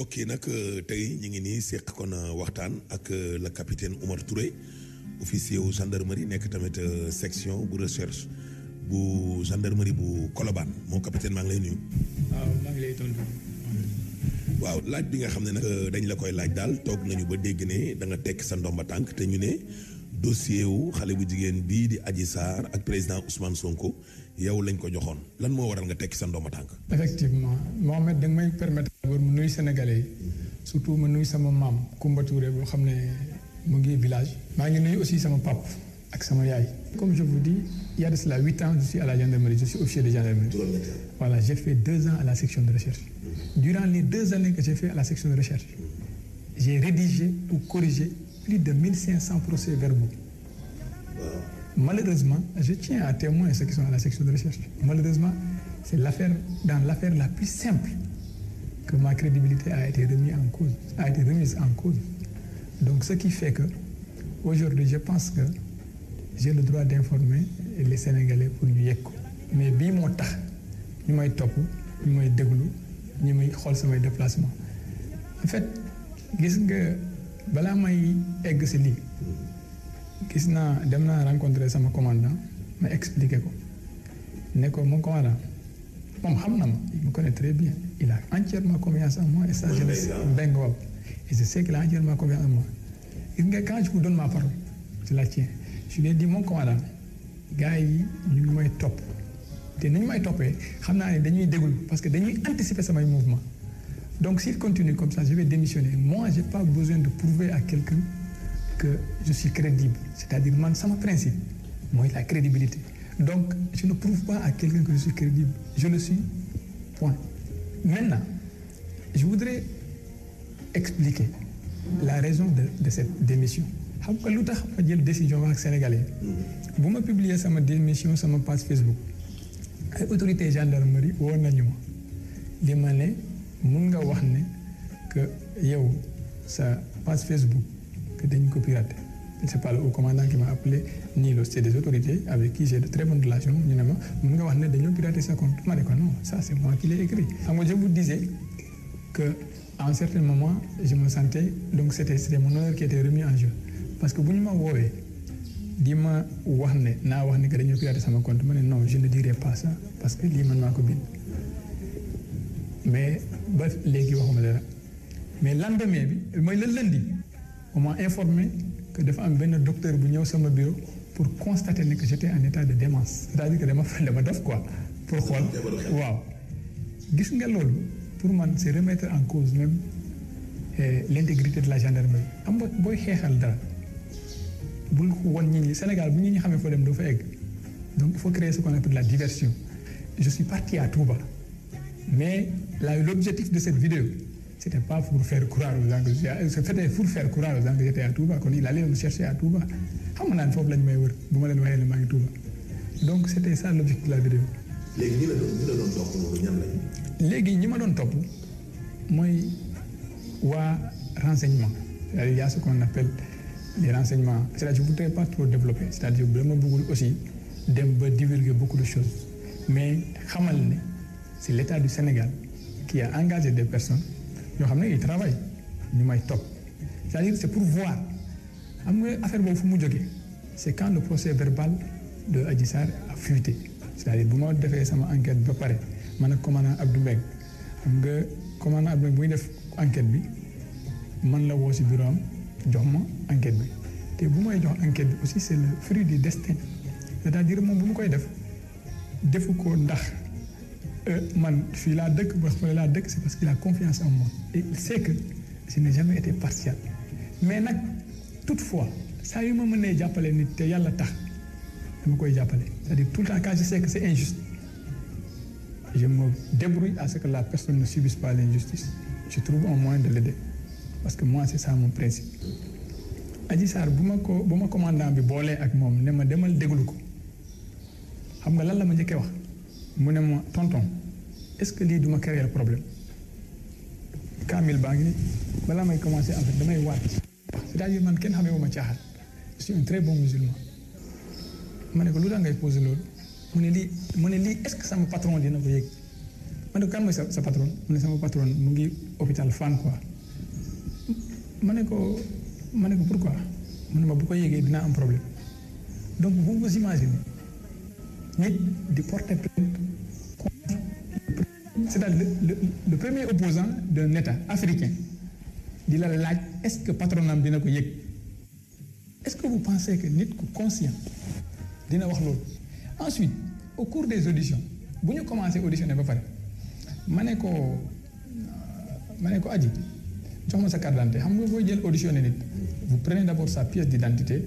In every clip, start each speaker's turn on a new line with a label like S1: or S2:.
S1: mbokki nak euh, tay ñi ñu ngi nii seq kon euh, waxtaan ak euh, le capitaine Omar Touré officier au gendarmerie nek tamit section bu recherche bu gendarmerie bu Colobane mo capitaine ma ngi lay nuyu.
S2: waaw ma ngi lay tontu.
S1: waaw laaj bi nga xam nak dañ la koy laaj dal tok nañu ba dégg ne da nga tek sa ndomba tank te ñu ne dossier wu xalé bu jigen bi di Adji Sarr ak président Ousmane Sonko yow lañ ko joxoon lan moo waral nga tekki sa ndooma tànk. effectivement
S2: Mohamed da nga may permettre d'abord mu nuy Sénégalais yi surtout mu nuyu sama maam Koumba Touré boo xam ne mu ngi village. maa ngi nuyu aussi sama pap ak sama yaay. comme je vous dis il y a de cela huit ans je suis à la gendarmerie je suis officier de gendarmerie. voilà j'ai fait deux ans à la section de recherche. durant les deux années que j'ai fait à la section de recherche. j'ai rédigé ou corrigé plus de 1500 procès verbaux. Wow. Malheureusement, je tiens à témoigner ceux qui sont à la section de recherche. Malheureusement, c'est l'affaire, dans l'affaire la plus simple que ma crédibilité a été remise en cause. A été remise en cause. Donc, ce qui fait que, aujourd'hui, je pense que j'ai le droit d'informer les Sénégalais pour ñu yegg mais bii moo tax ñu may top, ñu may déglu ñu may xool samay déplacement en fait gis nga que may egg ce gis naa dem naa rencontrer sama commandant ma expliqué ko ne mon commandant moom xam na il me connaît très bien il a entièrement confiance en moi et ça je le sais et je sais qu'il a entièrement confiance en moi gis quand je vous donne ma parole je la tiens je lui ai dit mon commandant gars yi ñu ngi may topp te ni may toppee xam naa ne dañuy parce que dañuy anticiper samay mouvement donc s'il continue comme ça je vais démissionner moi j'ai pas besoin de prouver à quelqu'un que je suis crédible. C'est-à-dire, man, ça mon principe. Moi, la crédibilité. Donc, je ne prouve pas à quelqu'un que je suis crédible. Je le suis. Point. Maintenant, je voudrais expliquer la raison de, cette démission. vous me publiez ma jël décision sénégalais ma publié démission sama page Facebook L'autorité gendarmerie ou que sa page Facebook que dañ c'est pas le haut commandant qui m'a appelé ni le c'est des autorités avec qui j'ai de très bonnes relations ñu ne ma mun nga wax ne sa compte non ça c'est moi qui l'ai écrit xam je vous disais que à un certain moment je me sentais donc c'était mon honneur qui était remis en jeu parce que vous ne ma woowee di ma wax ne naa wax ne que dañoo compte non je ne dirais pas ça parce que lii man maa ko mais ba léegi waxuma dara mais lendemain bi le lundi on m'a informé que dafa un un docteur bu ñëw sama bureau pour constater que j'étais en état de démence c'est-à-dire que dama dama dof quoi pour xool pour moi, c'est remettre en cause même eh, l'intégrité de la gendarmerie am dara won ñi Sénégal bu donc il faut créer ce qu'on appelle la diversion je suis parti à Touba mais l'objectif de cette vidéo c'était pas pour faire croire aux Anglais. C'était pour faire croire aux Anglais j'étais à Touba, qu'on il allait me chercher à Touba. on lañ may Touba. donc c'était ça l'objectif de la vidéo. Les ñi la doon ñi la renseignement il y a ce qu'on appelle les renseignements c'est-à-dire je voudrais pas trop développer c'est-à-dire vraiment voudrais aussi divulguer beaucoup de choses mais c'est l'État du Sénégal qui a engagé des personnes. Nous ils may c'est-à-dire c'est pour voir c'est quand le procès verbal de a fuité c'est-à-dire bu ma fait sama enquête ba man commandant Abdou commandant Abdou enquête si bureau am l'enquête aussi c'est le fruit du destin c'est-à-dire bu mu koy def euh, man la c'est parce qu'il a confiance en moi et il sait que je n'ai jamais été partial mais toutefois, toutefois ça a eu mënee jàppale nit te yàlla tax dama koy c'est-à-dire tout le temps quand je sais que c'est injuste je me débrouille à ce que la personne ne subisse pas l'injustice je trouve un moyen de l'aider parce que moi c'est ça mon principe je Sar, bu ma ko bu commandant bi avec ak moom ne ma demal déglu ko xam nga lan la ma wax tonton est-ce que lii duma créer problème kamil baa ngi balaa may commencer en fait damay waat c'est-à-dire man kenn xamee wuma caaxaan je suis un très bon musulman ma ne ko lu daa ngay poser loolu mu ne lii mu ne lii est-ce que sama patron dina ko yëg ma ne ko kan mooy sa sa patron mu ne sama patron mu ngi hôpital fan quoi ma ne ko ma ne ko pourquoi mu ne ma bu ko yëgee dinaa am problème donc vous vous imaginez nit di porter plainte c'est-à-dire le, premier opposant d'un État africain di la est-ce que patron dina ko est-ce que vous pensez que nous sommes conscient de wax ensuite au cours des auditions vous nous à à ba je ma ne ko ma ne ko aji sa carte vous prenez d'abord sa pièce d'identité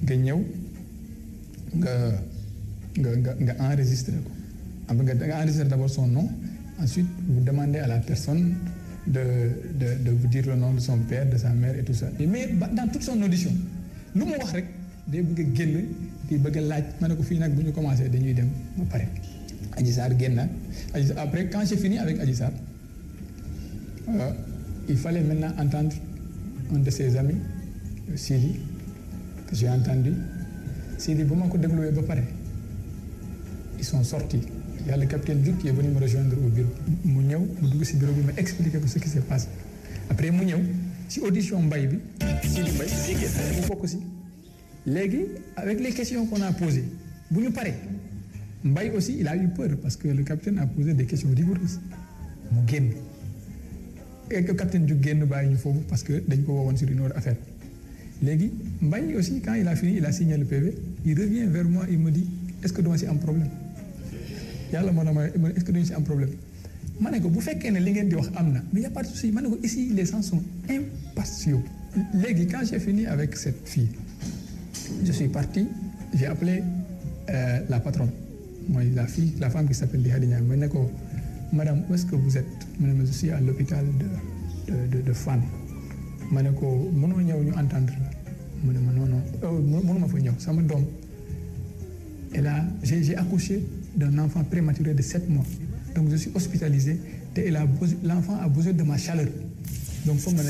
S2: vous enregistrez. nga nga d'abord son nom Ensuite, vous demandez à la personne de, de, vous dire le nom de son père, de sa mère et tout ça. mais dans toute son audition, nous wax a di ko commencé après quand j'ai fini avec Agisar, euh, il fallait maintenant entendre un de ses amis Sidi que j'ai entendu Sidi bu ma ko vous ba pare ils sont sortis. Il y a le capitaine Duc qui est venu me rejoindre au bureau. mu ñëw mu dugg bureau ma expliqué ce qui s'est passé après mu ñëw si audition mbay bi. Sidi Mbaye mu bokk aussi. léegi avec les questions qu'on a posées vous nous parlez. Mbaye aussi il a eu peur parce que le capitaine a posé des questions rigoureuses mu génn. et que capitaine Duc génn nous ñu foofu parce que dañ ko woowoon sur une autre affaire léegi Mbaye aussi quand il a fini il a signé le PV il revient vers moi il me dit est-ce que dama un un problème yàlla moo a ma est-ce que duñu si am problème ma ne ko bu fekkee ne li ngeen di wax am na mais y a pas de souci ma ne ko ici les gens sont impatients léegi quand j'ai fini avec cette fille je suis parti j'ai appelé euh, la patronne mooy la fille la femme qui s'appelle Dihadi Niang ma ne ko madame où est-ce que vous êtes ma ne ma je suis à l'hôpital de de de, de Fann ma ne ko mënoo ñëw ñu entendre mu ne ma non non euh, mënuma fa ñëw sama doom et là j'ai accouché d'un enfant prématuré de 7 mois. Donc je suis hospitalisé et l'enfant a besoin de ma chaleur. Donc faut me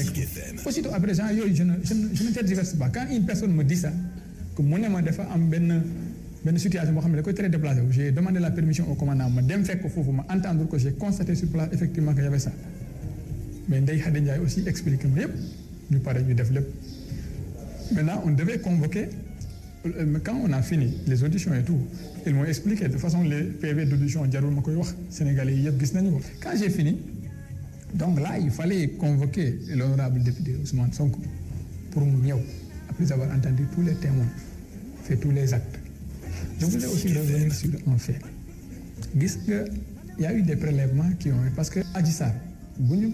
S2: Aussitôt après, je, je, ne, je ne pas. Quand une personne me dit ça, que mon aimant de en une situation très déplacé. J'ai demandé la permission au commandant. Je fait que faut entendre que j'ai constaté sur place effectivement qu'il y avait ça. Mais Ndeye a aussi mon moi. Nous parlons du développement. Maintenant, on devait convoquer, euh, quand on a fini les auditions et tout, ils m'ont expliqué de toute façon les PV d'audition en ma koy sénégalais quand j'ai fini donc là il fallait convoquer l'honorable député Ousmane Sonko pour nous après avoir entendu tous les témoins fait tous les actes je voulais aussi revenir sur un fait y a eu des prélèvements qui ont parce que Parce vous bu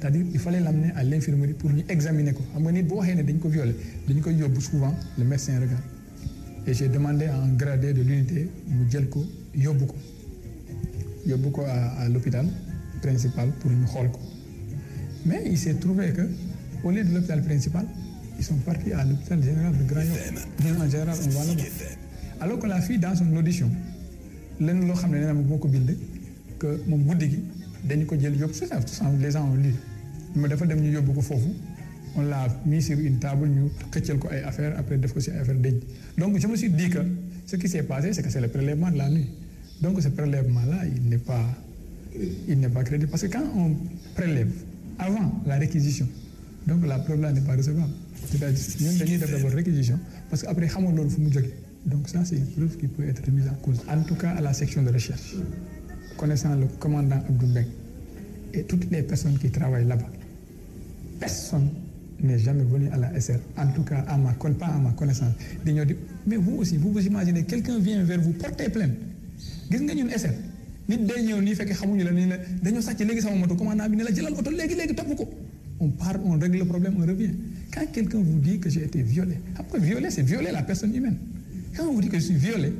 S2: c'est-à-dire il fallait l'amener à l'infirmerie pour lui examiner Il y nga nit bu dañ souvent le médecin regarde et j'ai demandé à un gradé de l'unité mu djelko, Yobuko. Yobuko à l'hôpital principal pour une holko. mais il s'est trouvé que au lieu de l'hôpital principal ils sont partis à l'hôpital général de Grand alors que la fille dans son audition lenn a xam ne mon na que mon guddi gi dañu ko c'est ça les gens ont lu ma dafa dem ñu Yobuko Fofu on l'a mis sur une table nous que quelqu'un ait affaire après affaire donc je me suis dit que ce qui s'est passé c'est que c'est le prélèvement de la nuit donc ce prélèvement là il n'est pas pas crédible parce que quand on prélève avant la réquisition donc la preuve là n'est pas recevable c'est-à-dire que réquisition parce qu'après donc ça c'est une preuve qui peut être remise en cause en tout cas à la section de recherche connaissant le commandant et toutes les personnes qui travaillent là-bas personne n'est jamais venu à la SR, en tout cas à ma, pas à ma connaissance. mais vous aussi, vous vous imaginez, quelqu'un vient vers vous, portez plainte. Vous avez une SR. On part, on règle le problème, on revient. Quand quelqu'un vous dit que j'ai été violé, après violer, c'est violer la personne humaine. Quand on vous dit que je suis violé,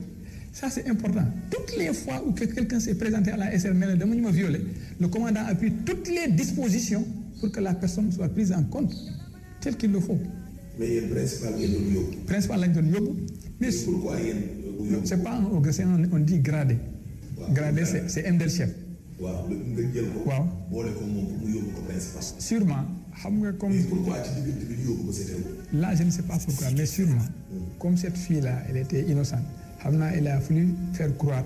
S2: ça c'est important. Toutes les fois où que quelqu'un s'est présenté à la SR, et demande le commandant a pris toutes les dispositions pour que la personne soit prise en compte tel qu'il le faut.
S1: mais yéen principal ngeen doon yóbbu.
S2: principal lañ doon yóbbu. mais pourquoi il yóbbu c' est pas un haut c' est on dit gradé. gradé c'est est un des chefs.
S1: waaw nga jël ko. waaw boole pour sûrement xam nga comme. mais pourquoi ci diggante bi ñu yóbbu ko CTO.
S2: là je ne sais pas pourquoi mais sûrement. Hmm. comme cette fille là elle était innocente xam il a fallu faire croire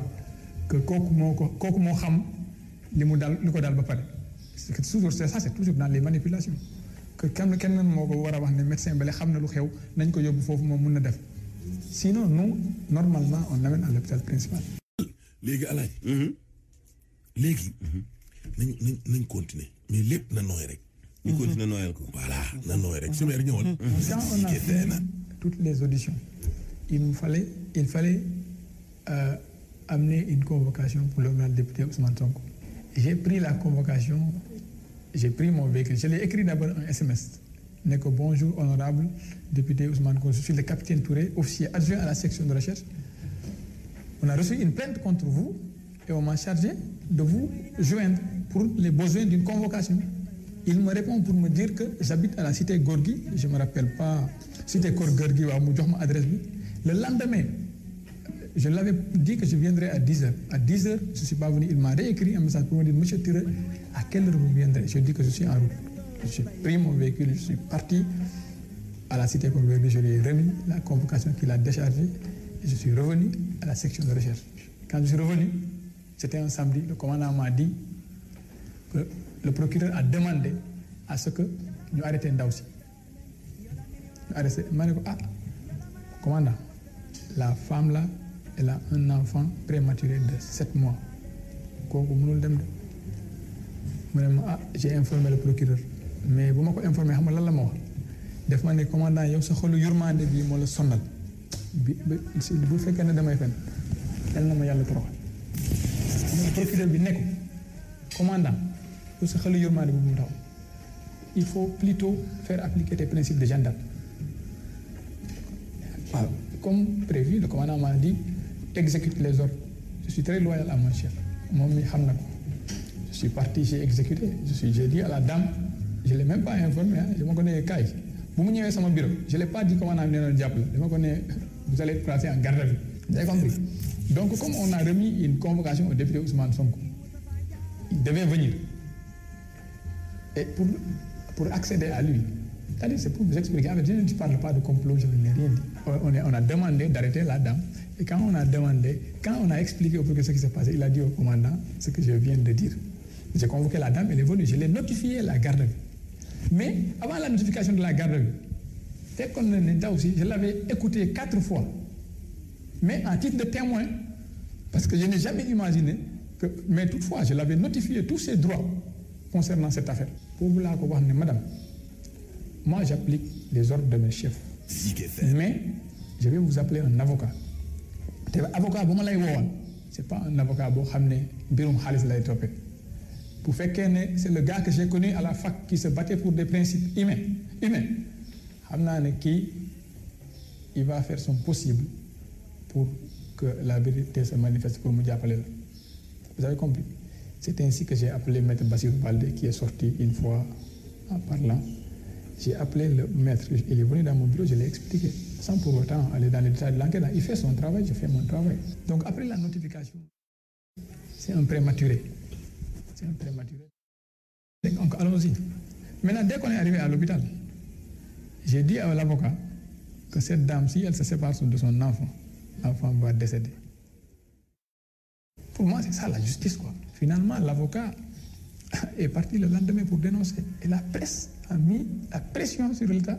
S2: que kooku moo ko kooku xam li dal li dal ba ça c'est toujours dans les manipulations que kenn kenn moo ko war a wax ne médecin bale xam na lu xew nañ ko yóbbu foofu moom sinon nous normalement on l'amène à l'hôpital principal.
S1: léegi alaaj mhm. léegi. Mhm. nañ nañ nañ continuer mais lépp na nooy rek. continue mhm. continuer nooyal ko. voilà na nooy rek su ma yore ñëwoon. quand on a fini hein?
S2: toutes les auditions il nous fallait il fallait euh, amener une convocation pour l'honorable député Ousmane Sonko j'ai pris la convocation j'ai pris mon véhicule. Je l'ai écrit d'abord un SMS. N'est que bonjour, honorable député Ousmane Kourou. Je suis le capitaine Touré, officier adjoint à la section de recherche. On a reçu une plainte contre vous et on m'a chargé de vous joindre pour les besoins d'une convocation. Il me répond pour me dire que j'habite à la cité Gorgui, je ne me rappelle pas, cité Gorgui, à ma adresse. Le lendemain, je l'avais dit que je viendrais à 10h. À 10h, je ne suis pas venu. Il m'a réécrit un message pour me dire Monsieur Tire à quelle heure vous viendrez Je dis que je suis en route. J'ai pris mon véhicule, je suis parti à la cité bébé je lui ai remis la convocation qu'il a déchargée et je suis revenu à la section de recherche. Quand je suis revenu, c'était un samedi, le commandant m'a dit que le procureur a demandé à ce que nous arrêtions Il Nous Ah, commandant, la femme là, elle a un enfant prématuré de 7 mois mënul dem de ah, j'ai informé le procureur mais bu ma ko informé je nga lan la ma wax ma ne commandant yow sa xolu yurmande le moo la sonal bi bu fekkee ne damay fen Je na ma yàlla toroxal mu procureur bi Je commandant yow sa xolu je bu le taw il faut plutôt faire appliquer les principes de gendarme comme prévu le commandant m'a dit exécute les ordres. Je suis très loyal à mon chef. Mon ami Je suis parti, j'ai exécuté. Je suis, j'ai dit à la dame, je l'ai même pas informé, hein. Je me connais, Kai. Vous bu bureau, je l'ai pas dit comment on le diable. Je diable, je connais, vous allez être placé en garde à vue. Vous avez compris? Donc comme on a remis une convocation au député Ousmane Sonko, il devait venir. Et pour pour accéder à lui, cest c'est pour vous expliquer, je ne parle pas de complot, je n'ai rien dit. on a demandé d'arrêter la dame et quand on a demandé, quand on a expliqué au procureur ce qui s'est passé, il a dit au commandant ce que je viens de dire. J'ai convoqué la dame, elle est venue, je l'ai notifié à la garde Mais avant la notification de la garde dès qu'on là aussi, je l'avais écouté quatre fois. Mais en titre de témoin, parce que je n'ai jamais imaginé que, mais toutefois, je l'avais notifié tous ses droits concernant cette affaire. Pour vous la madame, moi j'applique les ordres de mes chefs. Mais je vais vous appeler un avocat te avocat c'est pas un avocat boo xam c'est le gars que j'ai connu à la fac qui se battait pour des principes humains il va faire son possible pour que la vérité se manifeste pour mu vous avez compris c'est ainsi que j'ai appelé maître Basir Balde qui est sorti une fois en parlant j'ai appelé le maître il est venu dans mon bureau je l'ai expliqué sans pour autant aller dans les détails de l'enquête. Il fait son travail, je fais mon travail. Donc après la notification, c'est un prématuré. C'est un prématuré. Donc allons-y. Maintenant, dès qu'on est arrivé à l'hôpital, j'ai dit à l'avocat que cette dame, si elle se sépare de son enfant, l'enfant va décéder. Pour moi, c'est ça la justice, quoi. Finalement, l'avocat est parti le lendemain pour dénoncer. Et la presse a mis la pression sur l'État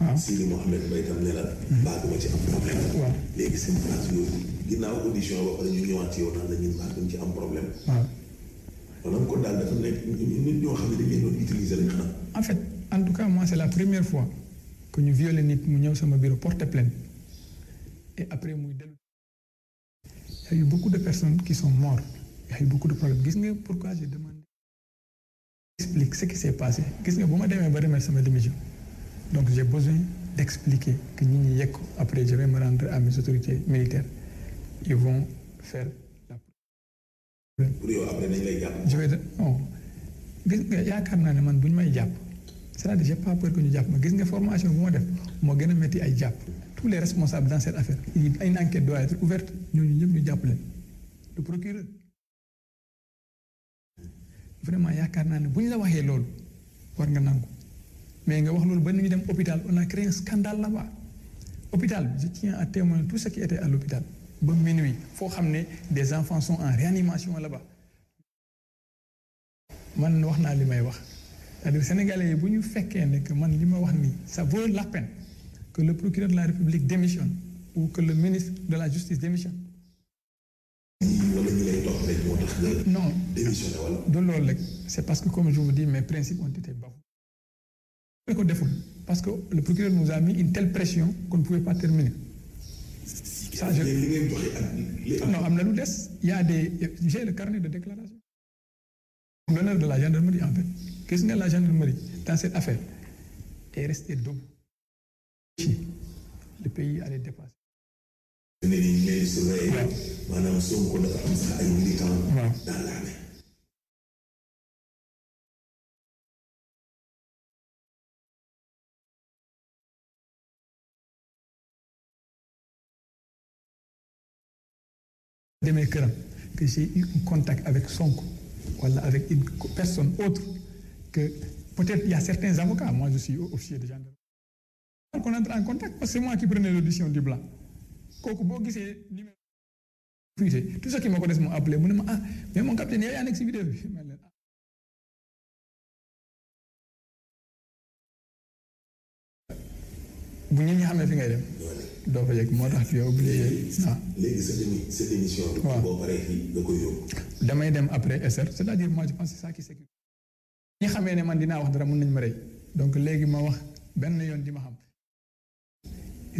S1: waaw ah. Sidi Mouhamed Mbaye tam ne la. Hmm. baax duma ci am problème. waaw léegi seen place yooyu ginnaaw audition ba pare ñu ñëwaat ci yow daal la ñun baax duñ ci am problème. waaw. maanaam kon daal dafa nekk nit ñoo xam ne dañ leen utiliser lañ
S2: en fait en tout cas moi c'est la première fois que ñu violé nit mu ñëw sama bureau porte pleine. et après muy dellu. y a eu beaucoup de personnes qui sont mortes y a eu beaucoup de problèmes gis nga pourquoi j'ai demandé. explique ce qui s'est est passé gis nga bu ma demee ba remettre sama démission. Donc j'ai besoin d'expliquer que après je vais me rendre à mes autorités militaires, ils vont faire
S1: la Je
S2: vais dire, non. a un ne man bu ñu may jàpp c'est-à-dire j'ai pas peur que ñu jàpp mais gis nga formation bu ma def moo gën a ay tous les responsables dans cette affaire une enquête doit être ouverte Nous ñëpp ñu jàpp leen le procureur vraiment il y a un ñu la waxee loolu war nga nangu mais on a créé un scandale là-bas hôpital je tiens à témoigner tout ce qui était à l'hôpital Bonne minuit il faut des enfants sont en réanimation là-bas man wax sénégalais si man ça vaut la peine que le procureur de la République démissionne ou que le ministre de la Justice démissionne. non c'est parce que comme je vous dis mes principes ont été bons parce que le procureur nous a mis une telle pression qu'on ne pouvait pas terminer.
S1: Ça, Non, y
S2: a des j'ai le carnet de déclaration. L'honneur de la gendarmerie en fait Qu'est-ce que la gendarmerie dans cette affaire est resté debout. le pays allait dépasser. mes këram que j'ai eu un contact avec Sonko voilà avec une personne autre que peut-être il y a certains avocats moi je suis officier de gendarmerie qu'on entre en contact parce que c'est moi qui prenais l'audition du blanc kooku boo numéro privé tout ce qui ma ko ah, appelé mais mon capitaine il y a une vidéo vous ah. bu ñu doo ko moo tax oublié ah.
S1: léegi sa démi sa démission. waaw boo paree fii da
S2: damay dem après SR c' à dire moi je pense que c' ça qui sécurité. ñi xamee ne man dinaa wax dara mun nañ ma rey donc léegi ma wax benn yoon di ma xam.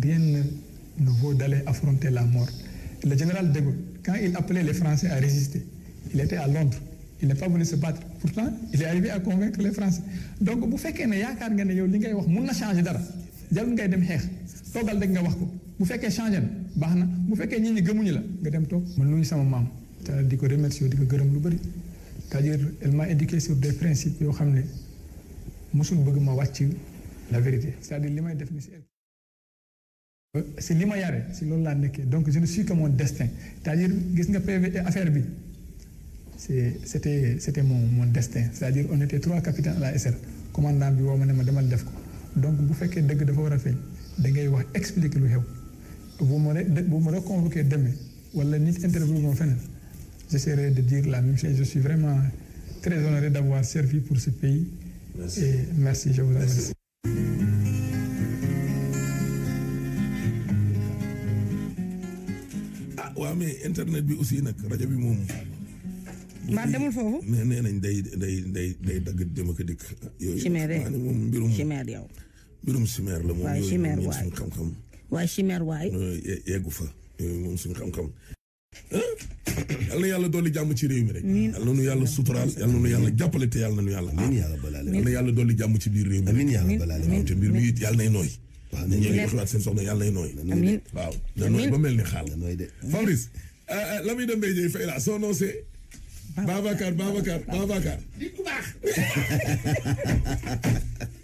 S2: rien ne vaut d'aller affronter la mort. Le général de Gaulle, quand il appelait les Français à résister, il était à Londres. Il n'est pas venu se battre. Pourtant, il est arrivé à convaincre les Français. Donc, vous faites que vous avez dit que changer dara changé d'argent. dem avez toogal rek nga wax ko bu fekkee changé na baax na bu fekkee ñi ñi gëmuñu la nga dem toog man nuyu sama maam te di ko remercier di ko gërëm lu bëri c'est-à-dire elle m'a éduqué sur des principes yoo xam ne mosul bëgg ma wàcc la vérité c'est-à-dire li may def ni si si li ma yare si loolu laa nekkee donc je ne suis que mon destin c'est-à-dire gis nga PV e affaire bi c'est c'était c'était mon mon destin c'est-à-dire on était trois capitaines à la SR commandant bi woo ma ne ma demal def ko donc bu fekkee dëgg dafa war a feeñ da ngay wax expliquer lu xew bu ma bu ma reconvoqué demain wala nit interview mo feneen j'essaierai de dire la même chose je suis vraiment très honoré d'avoir servi pour ce pays. Merci. et merci je vous remercie.
S1: ah waaw mais internet bi aussi nak radio bi moom. maa demul fofu nee nañ day day day day dagg dem ak dikk. ci moom mbirum chimère yow. mbirum simeer la moom yooyu moom suñu xam-xam waaye ah! simeer waay yeggu fa yooyu moom suñu xam-xam yal na yàlla dolli jàmm ci réew mi rek yal na nu yàlla suturaal yal na nu yàlla jàppale te yal na nu yàlla aar yal na yàlla dolli jàmm ci biir réew mi amiin yàlla balaale moom te mbir mi it yàlla nay nooy waaw na ñu ngi xalaat seen soxna yàlla nay nooy amiin waaw na nooy ba mel ni xaal Fabrice la muy dem béy fay la soo noosee Babacar Babacar Babacar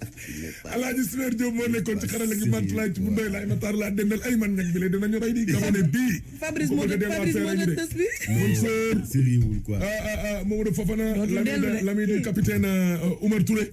S1: alaaji Suleer Diop moo nekkoon ci xarala gi man laaj bu doy laay Matar laa dendal ay man ñag bi la dinañu rey di gama ne bii Fabrice moo ñu tës bi mon sœur sériwul quoi ah, ah ah Mamadou Fofana l'ami du capitaine euh, Oumar ah, Touré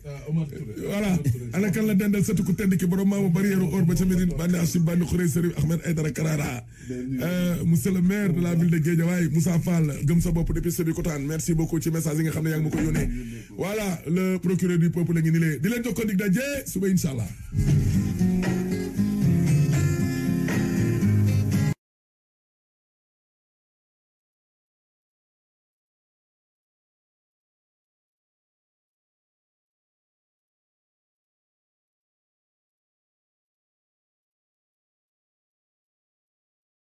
S1: voilà ana kan la dendal sëtu ku tedd ki borom maamu barrière or ba ca Médine bandi Achib bandi Khouré Serif Ahmed Aïdara Karara euh, monsieur le maire de la ville de Guédiawaye Moussa Fall gëm sa bopp depuis Sébikotane merci beaucoup ci message yi nga xam ne yaa ngi ma ko yónnee voilà le procureur du peuple la ngi ni lee di leen jox ko dig daje subɛnyi sala.